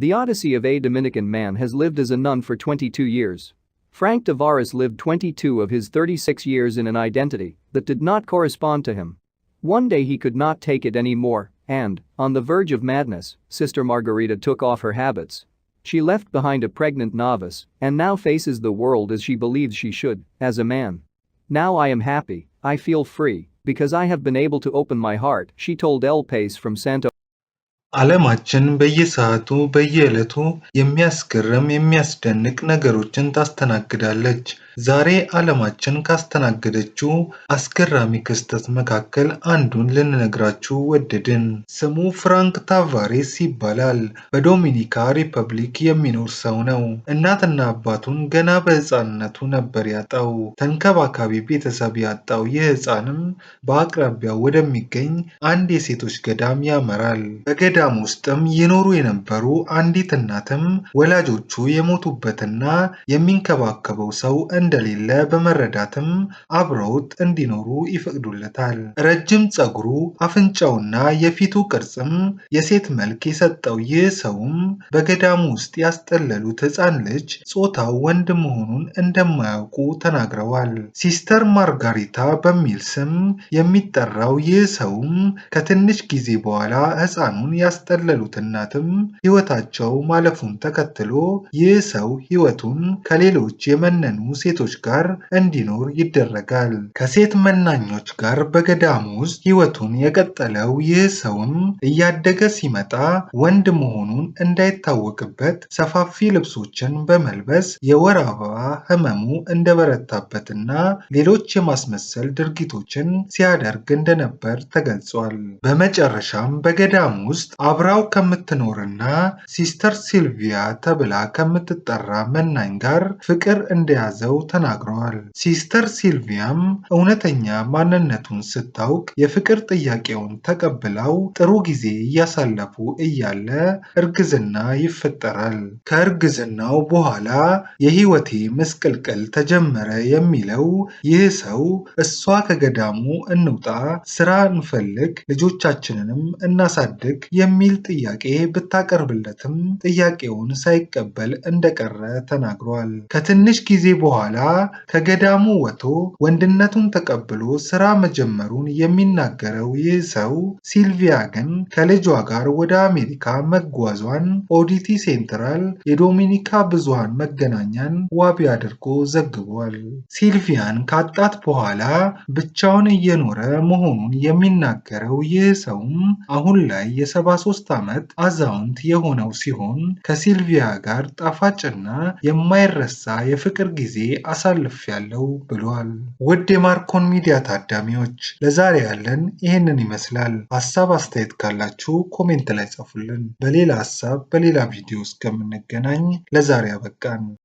The Odyssey of a Dominican man has lived as a nun for 22 years. Frank Tavares lived 22 of his 36 years in an identity that did not correspond to him. One day he could not take it anymore, and, on the verge of madness, Sister Margarita took off her habits. She left behind a pregnant novice and now faces the world as she believes she should, as a man. Now I am happy, I feel free, because I have been able to open my heart, she told El Pace from Santo ዓለማችን በየሰዓቱ በየዕለቱ የሚያስገርም የሚያስደንቅ ነገሮችን ታስተናግዳለች ዛሬ ዓለማችን ካስተናገደችው አስገራሚ ክስተት መካከል አንዱን ልንነግራችሁ ወደድን። ስሙ ፍራንክ ታቫሬስ ይባላል። በዶሚኒካ ሪፐብሊክ የሚኖር ሰው ነው። እናትና አባቱን ገና በሕፃንነቱ ነበር ያጣው። ተንከባካቢ ቤተሰብ ያጣው ይህ ሕፃንም በአቅራቢያው ወደሚገኝ አንድ የሴቶች ገዳም ያመራል። በገዳም ውስጥም ይኖሩ የነበሩ አንዲት እናትም ወላጆቹ የሞቱበትና የሚንከባከበው ሰው እንደሌለ በመረዳትም አብረውት እንዲኖሩ ይፈቅዱለታል። ረጅም ፀጉሩ፣ አፍንጫውና የፊቱ ቅርጽም የሴት መልክ የሰጠው ይህ ሰውም በገዳሙ ውስጥ ያስጠለሉት ሕፃን ልጅ ጾታው ወንድ መሆኑን እንደማያውቁ ተናግረዋል። ሲስተር ማርጋሪታ በሚል ስም የሚጠራው ይህ ሰውም ከትንሽ ጊዜ በኋላ ሕፃኑን ያስጠለሉት እናትም ሕይወታቸው ማለፉን ተከትሎ ይህ ሰው ሕይወቱን ከሌሎች የመነኑ ሴቶች ጋር እንዲኖር ይደረጋል። ከሴት መናኞች ጋር በገዳሙ ውስጥ ሕይወቱን የቀጠለው ይህ ሰውም እያደገ ሲመጣ ወንድ መሆኑን እንዳይታወቅበት ሰፋፊ ልብሶችን በመልበስ የወር አበባ ህመሙ እንደበረታበትና ሌሎች የማስመሰል ድርጊቶችን ሲያደርግ እንደነበር ተገልጿል። በመጨረሻም በገዳም ውስጥ አብራው ከምትኖርና ሲስተር ሲልቪያ ተብላ ከምትጠራ መናኝ ጋር ፍቅር እንደያዘው ተናግረዋል። ሲስተር ሲልቪያም እውነተኛ ማንነቱን ስታውቅ የፍቅር ጥያቄውን ተቀብለው ጥሩ ጊዜ እያሳለፉ እያለ እርግዝና ይፈጠራል። ከእርግዝናው በኋላ የህይወቴ ምስቅልቅል ተጀመረ የሚለው ይህ ሰው እሷ ከገዳሙ እንውጣ፣ ስራ እንፈልግ፣ ልጆቻችንንም እናሳድግ የሚል ጥያቄ ብታቀርብለትም ጥያቄውን ሳይቀበል እንደቀረ ተናግሯል። ከትንሽ ጊዜ በኋላ በኋላ ከገዳሙ ወጥቶ ወንድነቱን ተቀብሎ ስራ መጀመሩን የሚናገረው ይህ ሰው ሲልቪያ ግን ከልጇ ጋር ወደ አሜሪካ መጓዟን ኦዲቲ ሴንትራል የዶሚኒካ ብዙሃን መገናኛን ዋቢ አድርጎ ዘግቧል። ሲልቪያን ካጣት በኋላ ብቻውን እየኖረ መሆኑን የሚናገረው ይህ ሰውም አሁን ላይ የ73 ዓመት አዛውንት የሆነው ሲሆን ከሲልቪያ ጋር ጣፋጭና የማይረሳ የፍቅር ጊዜ ያለው ብሏል። ውድ የማርኮን ሚዲያ ታዳሚዎች ለዛሬ ያለን ይህንን ይመስላል። ሀሳብ አስተያየት ካላችሁ ኮሜንት ላይ ጻፉልን። በሌላ ሀሳብ በሌላ ቪዲዮ እስከምንገናኝ ለዛሬ አበቃን።